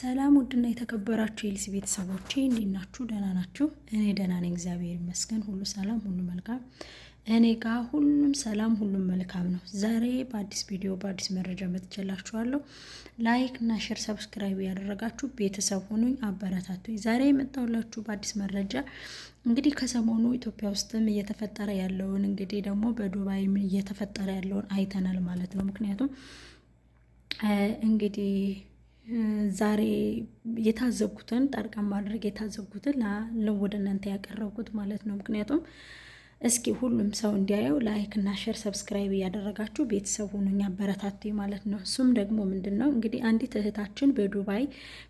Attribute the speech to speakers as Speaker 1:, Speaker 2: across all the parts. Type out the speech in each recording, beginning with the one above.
Speaker 1: ሰላም ውድና የተከበራችሁ የልስ ቤተሰቦቼ እንዴት ናችሁ? ደህና ናችሁ? እኔ ደህና ነኝ፣ እግዚአብሔር ይመስገን። ሁሉ ሰላም፣ ሁሉ መልካም። እኔ ጋ ሁሉም ሰላም፣ ሁሉም መልካም ነው። ዛሬ በአዲስ ቪዲዮ በአዲስ መረጃ መጥቼላችኋለሁ። ላይክ እና ሼር፣ ሰብስክራይብ ያደረጋችሁ ቤተሰብ ሆኑኝ፣ አበረታቱኝ። ዛሬ የመጣሁላችሁ በአዲስ መረጃ እንግዲህ ከሰሞኑ ኢትዮጵያ ውስጥም እየተፈጠረ ያለውን እንግዲህ ደግሞ በዱባይም እየተፈጠረ ያለውን አይተናል ማለት ነው። ምክንያቱም እንግዲህ ዛሬ የታዘብኩትን ጠርቀን ማድረግ የታዘብኩትን ወደ እናንተ ያቀረብኩት ማለት ነው። ምክንያቱም እስኪ ሁሉም ሰው እንዲያየው ላይክ እና ሸር ሰብስክራይብ እያደረጋችሁ ቤተሰብ ሁኑኝ አበረታቱ ማለት ነው። እሱም ደግሞ ምንድን ነው እንግዲህ አንዲት እህታችን በዱባይ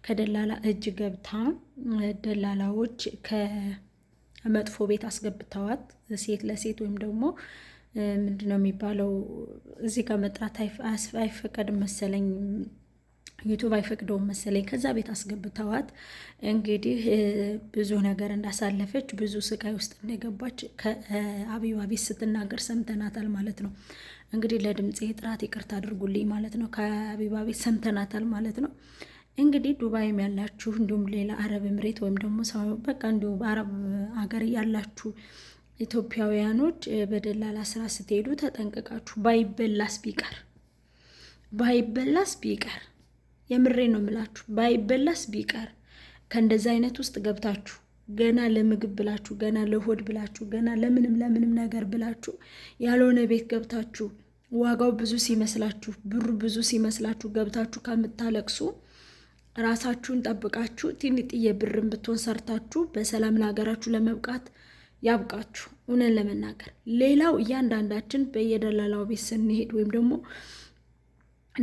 Speaker 1: ከደላላ እጅ ገብታ ደላላዎች ከመጥፎ ቤት አስገብተዋት ሴት ለሴት ወይም ደግሞ ምንድን ነው የሚባለው እዚህ ጋር መጥራት አይፈቀድም መሰለኝ ዩቱብ አይፈቅደውም መሰለኝ። ከዛ ቤት አስገብተዋት እንግዲህ ብዙ ነገር እንዳሳለፈች ብዙ ስቃይ ውስጥ እንደገባች ከአብዩዋ ቤት ስትናገር ሰምተናታል ማለት ነው። እንግዲህ ለድምፅ ጥራት ይቅርታ አድርጉልኝ ማለት ነው። ከአቢባ ቤት ሰምተናታል ማለት ነው። እንግዲህ ዱባይም ያላችሁ እንዲሁም ሌላ አረብ ምሬት ወይም ደግሞ በቃ እንዲሁ በአረብ ሀገር ያላችሁ ኢትዮጵያውያኖች በደላላ ስራ ስትሄዱ ተጠንቅቃችሁ ባይበላስ ቢቀር ባይበላስ ቢቀር የምሬ ነው የምላችሁ። ባይበላስ ቢቀር ከእንደዚ አይነት ውስጥ ገብታችሁ ገና ለምግብ ብላችሁ ገና ለሆድ ብላችሁ ገና ለምንም ለምንም ነገር ብላችሁ ያልሆነ ቤት ገብታችሁ ዋጋው ብዙ ሲመስላችሁ ብሩ ብዙ ሲመስላችሁ ገብታችሁ ከምታለቅሱ ራሳችሁን ጠብቃችሁ ትንጥዬ ብርን ብትሆን ሰርታችሁ በሰላም ለሀገራችሁ ለመብቃት ያብቃችሁ። እውነን ለመናገር ሌላው እያንዳንዳችን በየደላላው ቤት ስንሄድ ወይም ደግሞ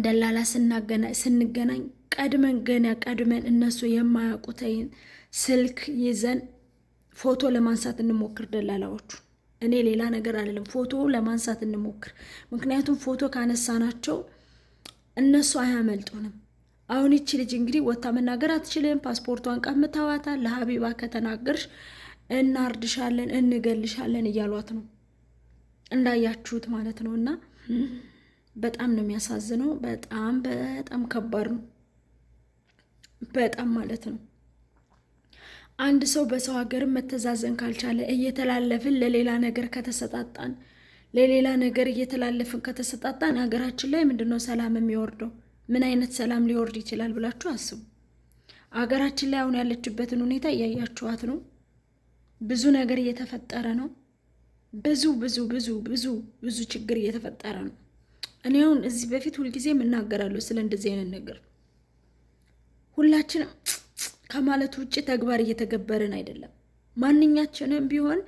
Speaker 1: ደላላ ስንገናኝ ቀድመን ገና ቀድመን እነሱ የማያውቁትን ስልክ ይዘን ፎቶ ለማንሳት እንሞክር። ደላላዎቹ እኔ ሌላ ነገር አይደለም፣ ፎቶ ለማንሳት እንሞክር። ምክንያቱም ፎቶ ካነሳናቸው እነሱ አያመልጡንም። አሁን ይቺ ልጅ እንግዲህ ወታ መናገር አትችልም። ፓስፖርቷን ቀምተዋታ። ለሀቢባ ከተናገርሽ እናርድሻለን፣ እንገልሻለን እያሏት ነው እንዳያችሁት ማለት ነው እና በጣም ነው የሚያሳዝነው። በጣም በጣም ከባድ ነው። በጣም ማለት ነው። አንድ ሰው በሰው ሀገርም መተዛዘን ካልቻለ እየተላለፍን ለሌላ ነገር ከተሰጣጣን ለሌላ ነገር እየተላለፍን ከተሰጣጣን ሀገራችን ላይ ምንድን ነው ሰላም የሚወርደው? ምን አይነት ሰላም ሊወርድ ይችላል ብላችሁ አስቡ። ሀገራችን ላይ አሁን ያለችበትን ሁኔታ እያያችኋት ነው። ብዙ ነገር እየተፈጠረ ነው። ብዙ ብዙ ብዙ ብዙ ብዙ ችግር እየተፈጠረ ነው። እኔ አሁን እዚህ በፊት ሁልጊዜ የምናገራለሁ ስለ እንደዚህ አይነት ነገር ሁላችንም ከማለት ውጭ ተግባር እየተገበርን አይደለም። ማንኛችንም ቢሆን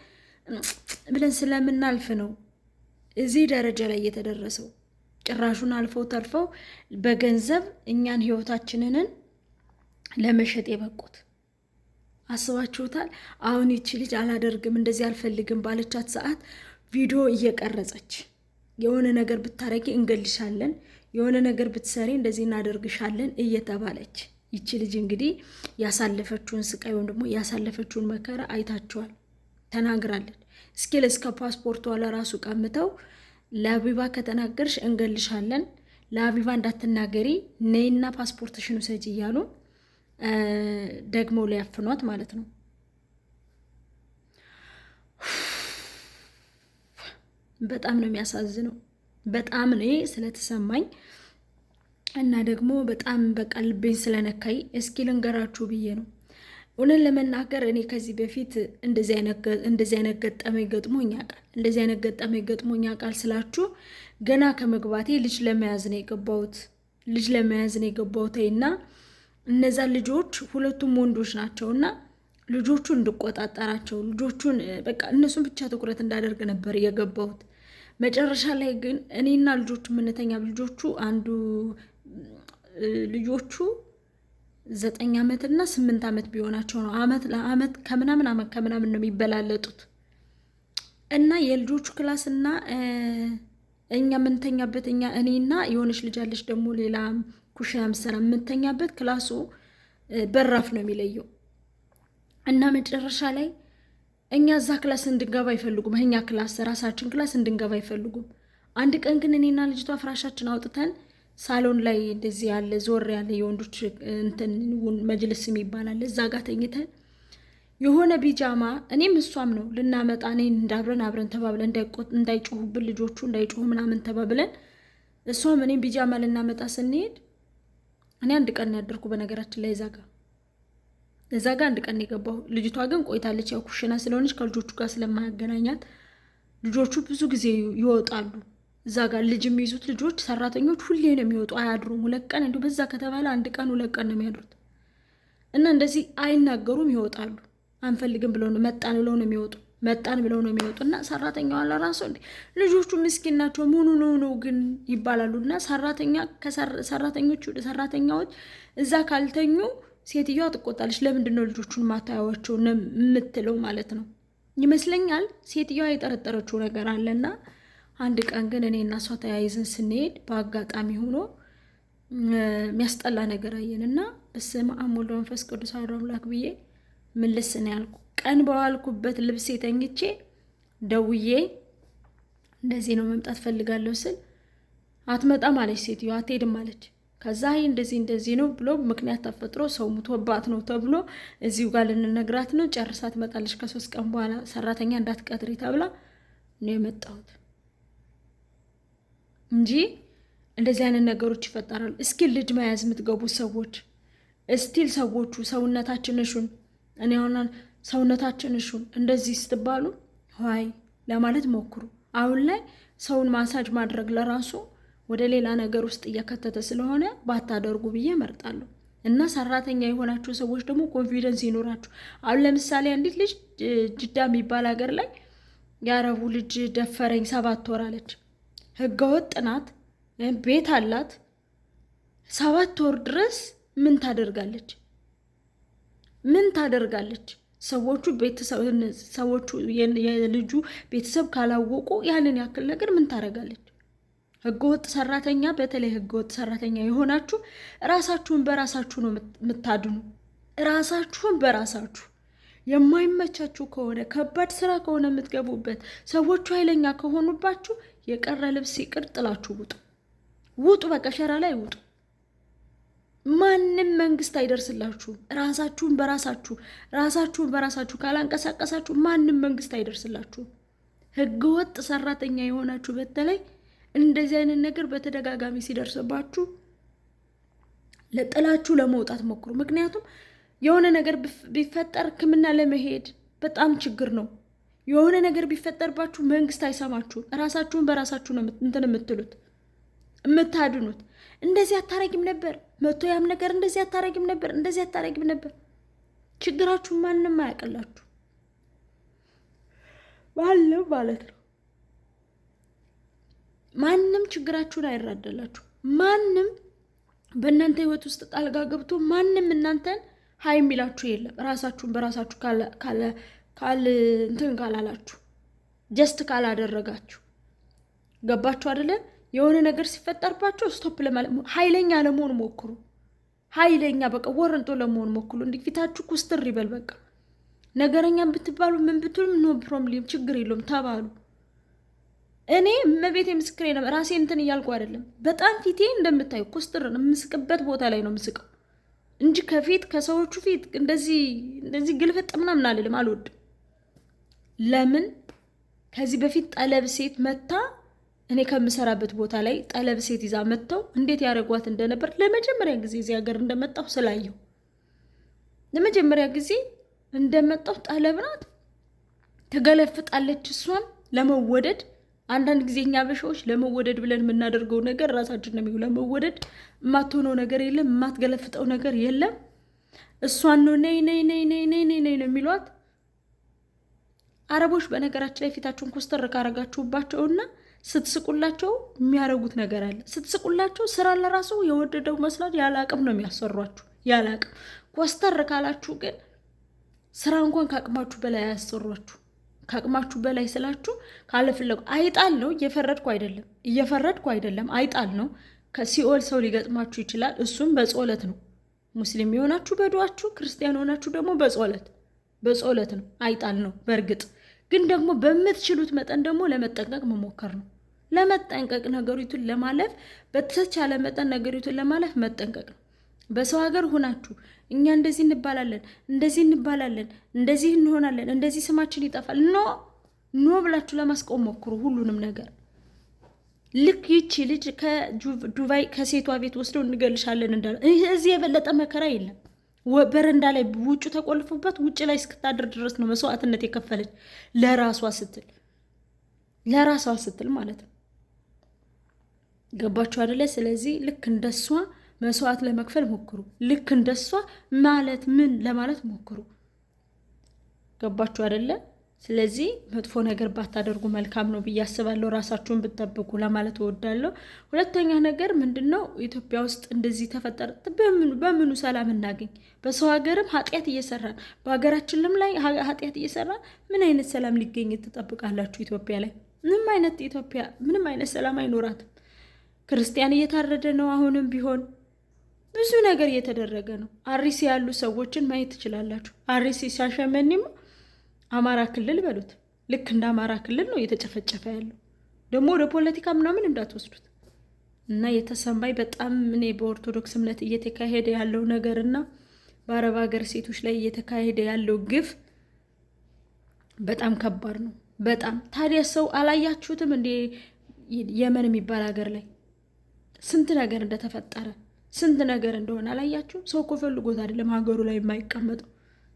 Speaker 1: ብለን ስለምናልፍ ነው እዚህ ደረጃ ላይ እየተደረሰው። ጭራሹን አልፈው ተርፈው በገንዘብ እኛን ህይወታችንን ለመሸጥ የበቁት አስባችሁታል? አሁን ይቺ ልጅ አላደርግም እንደዚህ አልፈልግም ባለቻት ሰዓት ቪዲዮ እየቀረጸች የሆነ ነገር ብታረጊ እንገልሻለን፣ የሆነ ነገር ብትሰሪ እንደዚህ እናደርግሻለን እየተባለች ይቺ ልጅ እንግዲህ ያሳለፈችውን ስቃይ ወይም ደግሞ ያሳለፈችውን መከራ አይታችኋል፣ ተናግራለች። እስኪ እስከ ፓስፖርቷ ለራሱ ቀምተው ለአቢባ ከተናገርሽ እንገልሻለን፣ ለአቢባ እንዳትናገሪ ነይና ፓስፖርትሽን ውሰጂ እያሉ ደግሞ ሊያፍኗት ማለት ነው። በጣም ነው የሚያሳዝነው። በጣም እኔ ስለተሰማኝ እና ደግሞ በጣም በቃ ልቤን ስለነካይ እስኪ ልንገራችሁ ብዬ ነው። እውነት ለመናገር እኔ ከዚህ በፊት እንደዚህ አይነት ገጠመኝ ገጥሞኝ ያውቃል። እንደዚህ አይነት ገጠመኝ ገጥሞኝ ያውቃል ስላችሁ ገና ከመግባቴ ልጅ ለመያዝ ነው የገባሁት። ልጅ ለመያዝ ነው የገባሁት እና እነዛ ልጆች ሁለቱም ወንዶች ናቸውና ልጆቹ እንድቆጣጠራቸው ልጆቹን በቃ እነሱን ብቻ ትኩረት እንዳደርግ ነበር የገባሁት መጨረሻ ላይ ግን እኔና ልጆቹ የምንተኛ ልጆቹ አንዱ ልጆቹ ዘጠኝ ዓመት እና ስምንት ዓመት ቢሆናቸው ነው። ዓመት ለዓመት ከምናምን ዓመት ከምናምን ነው የሚበላለጡት እና የልጆቹ ክላስ እና እኛ የምንተኛበት እኛ እኔና የሆነች ልጅ አለች ደግሞ ሌላ ኩሽና ምሰራ የምንተኛበት ክላሱ በራፍ ነው የሚለየው እና መጨረሻ ላይ እኛ እዛ ክላስ እንድንገባ አይፈልጉም። እኛ ክላስ ራሳችን ክላስ እንድንገባ አይፈልጉም። አንድ ቀን ግን እኔና ልጅቷ ፍራሻችን አውጥተን ሳሎን ላይ እንደዚህ ያለ ዞር ያለ የወንዶች እንትን መጅልስ ይባላል እዛ ጋር ተኝተን የሆነ ቢጃማ እኔም እሷም ነው ልናመጣ እኔን እንዳብረን አብረን ተባብለን እንዳይጮሁብን ልጆቹ እንዳይጮሁ ምናምን ተባብለን እሷም እኔም ቢጃማ ልናመጣ ስንሄድ እኔ አንድ ቀን ያደርኩ በነገራችን ላይ ዛጋ እዛ ጋር አንድ ቀን የገባው ልጅቷ ግን ቆይታለች። ያው ኩሽና ስለሆነች ከልጆቹ ጋር ስለማያገናኛት ልጆቹ ብዙ ጊዜ ይወጣሉ። እዛ ጋር ልጅ የሚይዙት ልጆች ሰራተኞች ሁሌ ነው የሚወጡ፣ አያድሩም። ሁለት ቀን እንዲሁ በዛ ከተባለ አንድ ቀን ሁለት ቀን ነው የሚያድሩት እና እንደዚህ አይናገሩም፣ ይወጣሉ። አንፈልግም ብለው ነው መጣን ብለው ነው የሚወጡ መጣን ብለው ነው የሚወጡ እና ሰራተኛዋ ራሱ እንዲ ልጆቹ ምስኪን ናቸው ምኑ ነው ነው ግን ይባላሉ እና ሰራተኛ ሰራተኞች ሰራተኛዎች እዛ ካልተኙ ሴትዮዋ ትቆጣለች። ለምንድን ነው ልጆቹን ማታያዋቸው የምትለው ማለት ነው ይመስለኛል። ሴትዮዋ የጠረጠረችው ነገር አለና አንድ ቀን ግን እኔ እና እሷ ተያይዝን ስንሄድ በአጋጣሚ ሆኖ የሚያስጠላ ነገር አየን እና በስመ አብ ወወልድ ወመንፈስ ቅዱስ አሐዱ አምላክ ብዬ ምልስ ነው ያልኩ። ቀን በዋልኩበት ልብስ የተኝቼ ደውዬ እንደዚህ ነው መምጣት ፈልጋለሁ ስል አትመጣም አለች ሴትዮዋ፣ አትሄድም አለች። ከዛ ይህ እንደዚህ እንደዚህ ነው ብሎ ምክንያት ተፈጥሮ ሰው ሙቶባት ነው ተብሎ እዚሁ ጋር ልንነግራት ነው። ጨርሳ ትመጣለች ከሶስት ቀን በኋላ ሰራተኛ እንዳትቀጥሪ ተብላ ነው የመጣሁት እንጂ እንደዚህ አይነት ነገሮች ይፈጠራሉ። እስኪ ልጅ መያዝ የምትገቡት ሰዎች እስቲል ሰዎቹ ሰውነታችን እሹን እኔ አሁን ሰውነታችን እሹን እንደዚህ ስትባሉ ይ ለማለት ሞክሩ። አሁን ላይ ሰውን ማሳጅ ማድረግ ለራሱ ወደ ሌላ ነገር ውስጥ እያከተተ ስለሆነ ባታደርጉ ብዬ እመርጣለሁ። እና ሰራተኛ የሆናችሁ ሰዎች ደግሞ ኮንፊደንስ ይኖራችሁ። አሁን ለምሳሌ አንዲት ልጅ ጅዳ የሚባል ሀገር ላይ የአረቡ ልጅ ደፈረኝ ሰባት ወር አለች። ህገወጥ ናት፣ ቤት አላት። ሰባት ወር ድረስ ምን ታደርጋለች? ምን ታደርጋለች? ሰዎቹ ቤተሰብ ሰዎቹ የልጁ ቤተሰብ ካላወቁ ያንን ያክል ነገር ምን ታደርጋለች? ህገወጥ ሰራተኛ በተለይ ህገወጥ ሰራተኛ የሆናችሁ ራሳችሁን በራሳችሁ ነው የምታድኑ። ራሳችሁን በራሳችሁ የማይመቻችሁ ከሆነ ከባድ ስራ ከሆነ የምትገቡበት ሰዎቹ ኃይለኛ ከሆኑባችሁ የቀረ ልብስ ይቅር ጥላችሁ ውጡ፣ ውጡ። በቃ ሸራ ላይ ውጡ። ማንም መንግስት አይደርስላችሁም። ራሳችሁን በራሳችሁ ራሳችሁን በራሳችሁ ካላንቀሳቀሳችሁ ማንም መንግስት አይደርስላችሁም። ህገወጥ ሰራተኛ የሆናችሁ በተለይ እንደዚህ አይነት ነገር በተደጋጋሚ ሲደርስባችሁ ለጥላችሁ ለመውጣት ሞክሩ። ምክንያቱም የሆነ ነገር ቢፈጠር ሕክምና ለመሄድ በጣም ችግር ነው። የሆነ ነገር ቢፈጠርባችሁ መንግስት አይሰማችሁም። እራሳችሁን በራሳችሁ ነው እንትን የምትሉት የምታድኑት። እንደዚህ አታረጊም ነበር መቶ ያም ነገር እንደዚህ አታረጊም ነበር እንደዚህ አታረጊም ነበር። ችግራችሁ ማንም አያውቅላችሁ ባለው ማለት ነው። ማንም ችግራችሁን አይራዳላችሁ። ማንም በእናንተ ህይወት ውስጥ ጣልቃ ገብቶ ማንም እናንተን ሀይ የሚላችሁ የለም። ራሳችሁን በራሳችሁ እንትን ካላላችሁ ጀስት ካላደረጋችሁ ገባችሁ አደለ? የሆነ ነገር ሲፈጠርባችሁ ስቶፕ ሀይለኛ ለመሆን ሞክሩ። ሀይለኛ በቃ ወረንጦ ለመሆን ሞክሩ። እንዲ ፊታችሁ ኩስትር ይበል። በቃ ነገረኛ ብትባሉ ምን ብትሉም ኖ ፕሮብሌም ችግር የለውም ተባሉ። እኔ እመቤቴ ምስክሬ ነው። ራሴ እንትን እያልኩ አይደለም። በጣም ፊቴ እንደምታዩ ኮስትር የምስቅበት ቦታ ላይ ነው ምስቀው እንጂ ከፊት ከሰዎቹ ፊት እንደዚህ እንደዚህ ግልፍጥ ምናምን አልልም፣ አልወድም። ለምን ከዚህ በፊት ጠለብ ሴት መታ እኔ ከምሰራበት ቦታ ላይ ጠለብ ሴት ይዛ መጥተው እንዴት ያደረጓት እንደነበር ለመጀመሪያ ጊዜ እዚህ ሀገር እንደመጣሁ ስላየው ለመጀመሪያ ጊዜ እንደመጣሁ ጠለብ ናት፣ ተገለፍጣለች። እሷም ለመወደድ አንዳንድ ጊዜ እኛ በሻዎች ለመወደድ ብለን የምናደርገው ነገር ራሳችን ነው። ለመወደድ የማትሆነው ነገር የለም፣ የማትገለፍጠው ነገር የለም። እሷን ነው ነይ ነይ ነይ ነይ ነይ ነይ ነው የሚሏት አረቦች። በነገራችን ላይ ፊታችሁን ኮስተር ካረጋችሁባቸውና ስትስቁላቸው የሚያረጉት ነገር አለ። ስትስቁላቸው ስራ ለራሱ የወደደው መስላት ያለ አቅም ነው የሚያሰሯችሁ፣ ያለ አቅም። ኮስተር ካላችሁ ግን ስራ እንኳን ከአቅማችሁ በላይ አያሰሯችሁ። ከአቅማችሁ በላይ ስላችሁ ካለፍለጉ አይጣል ነው። እየፈረድኩ አይደለም፣ እየፈረድኩ አይደለም። አይጣል ነው። ከሲኦል ሰው ሊገጥማችሁ ይችላል። እሱም በጾለት ነው። ሙስሊም የሆናችሁ በዱዋችሁ፣ ክርስቲያን የሆናችሁ ደግሞ በጾለት በጾለት ነው። አይጣል ነው። በእርግጥ ግን ደግሞ በምትችሉት መጠን ደግሞ ለመጠንቀቅ መሞከር ነው። ለመጠንቀቅ ነገሪቱን ለማለፍ በተቻለ መጠን ነገሪቱን ለማለፍ መጠንቀቅ ነው። በሰው ሀገር ሆናችሁ እኛ እንደዚህ እንባላለን፣ እንደዚህ እንባላለን፣ እንደዚህ እንሆናለን፣ እንደዚህ ስማችን ይጠፋል። ኖ ኖ ብላችሁ ለማስቆም ሞክሩ ሁሉንም ነገር። ልክ ይቺ ልጅ ከዱባይ ከሴቷ ቤት ወስደው እንገልሻለን እንዳለ እዚህ የበለጠ መከራ የለም። በረንዳ ላይ ውጩ ተቆልፎበት ውጭ ላይ እስክታድር ድረስ ነው መስዋዕትነት የከፈለች ለራሷ ስትል ለራሷ ስትል ማለት ነው። ገባችሁ አደለ? ስለዚህ ልክ እንደሷ መስዋዕት ለመክፈል ሞክሩ። ልክ እንደሷ ማለት ምን ለማለት ሞክሩ። ገባችሁ አይደለ? ስለዚህ መጥፎ ነገር ባታደርጉ መልካም ነው ብዬ አስባለሁ። ራሳችሁን ብትጠብቁ ለማለት እወዳለሁ። ሁለተኛ ነገር ምንድን ነው ኢትዮጵያ ውስጥ እንደዚህ ተፈጠረ፣ በምኑ ሰላም እናገኝ? በሰው ሀገርም ኃጢአት እየሰራን በሀገራችንም ላይ ኃጢአት እየሰራን ምን አይነት ሰላም ሊገኝ ትጠብቃላችሁ? ኢትዮጵያ ላይ ምንም አይነት ኢትዮጵያ ምንም አይነት ሰላም አይኖራትም። ክርስቲያን እየታረደ ነው አሁንም ቢሆን ብዙ ነገር እየተደረገ ነው። አሪሲ ያሉ ሰዎችን ማየት ትችላላችሁ። አሪሲ ሲያሸመኒማ አማራ ክልል በሉት ልክ እንደ አማራ ክልል ነው እየተጨፈጨፈ ያለው። ደግሞ ወደ ፖለቲካ ምናምን እንዳትወስዱት እና የተሰማኝ በጣም እኔ በኦርቶዶክስ እምነት እየተካሄደ ያለው ነገር እና በአረብ ሀገር ሴቶች ላይ እየተካሄደ ያለው ግፍ በጣም ከባድ ነው። በጣም ታዲያ ሰው አላያችሁትም እንዴ? የመን የሚባል ሀገር ላይ ስንት ነገር እንደተፈጠረ ስንት ነገር እንደሆነ አላያችሁ? ሰው እኮ ፈልጎት አይደለም ሀገሩ ላይ የማይቀመጠው።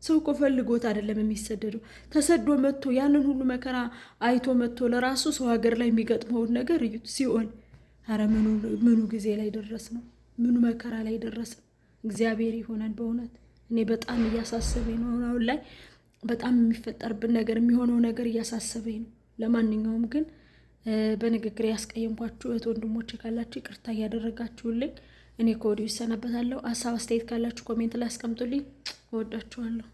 Speaker 1: ሰው እኮ ፈልጎት አይደለም የሚሰደደው። ተሰዶ መጥቶ ያንን ሁሉ መከራ አይቶ መጥቶ ለራሱ ሰው ሀገር ላይ የሚገጥመውን ነገር እዩት። ሲኦል። አረ ምኑ ጊዜ ላይ ደረስ ነው? ምኑ መከራ ላይ ደረስ ነው? እግዚአብሔር ይሆነን በእውነት። እኔ በጣም እያሳሰበኝ ነው አሁን ላይ በጣም የሚፈጠርብን ነገር የሚሆነው ነገር እያሳሰበኝ ነው። ለማንኛውም ግን በንግግር ያስቀየምኳችሁ እህት ወንድሞች ካላችሁ ይቅርታ እያደረጋችሁልኝ እኔ ከወዲሁ ይሰናበታለሁ። አሳብ አስተያየት ካላችሁ ኮሜንት ላይ አስቀምጡልኝ። እወዳችኋለሁ።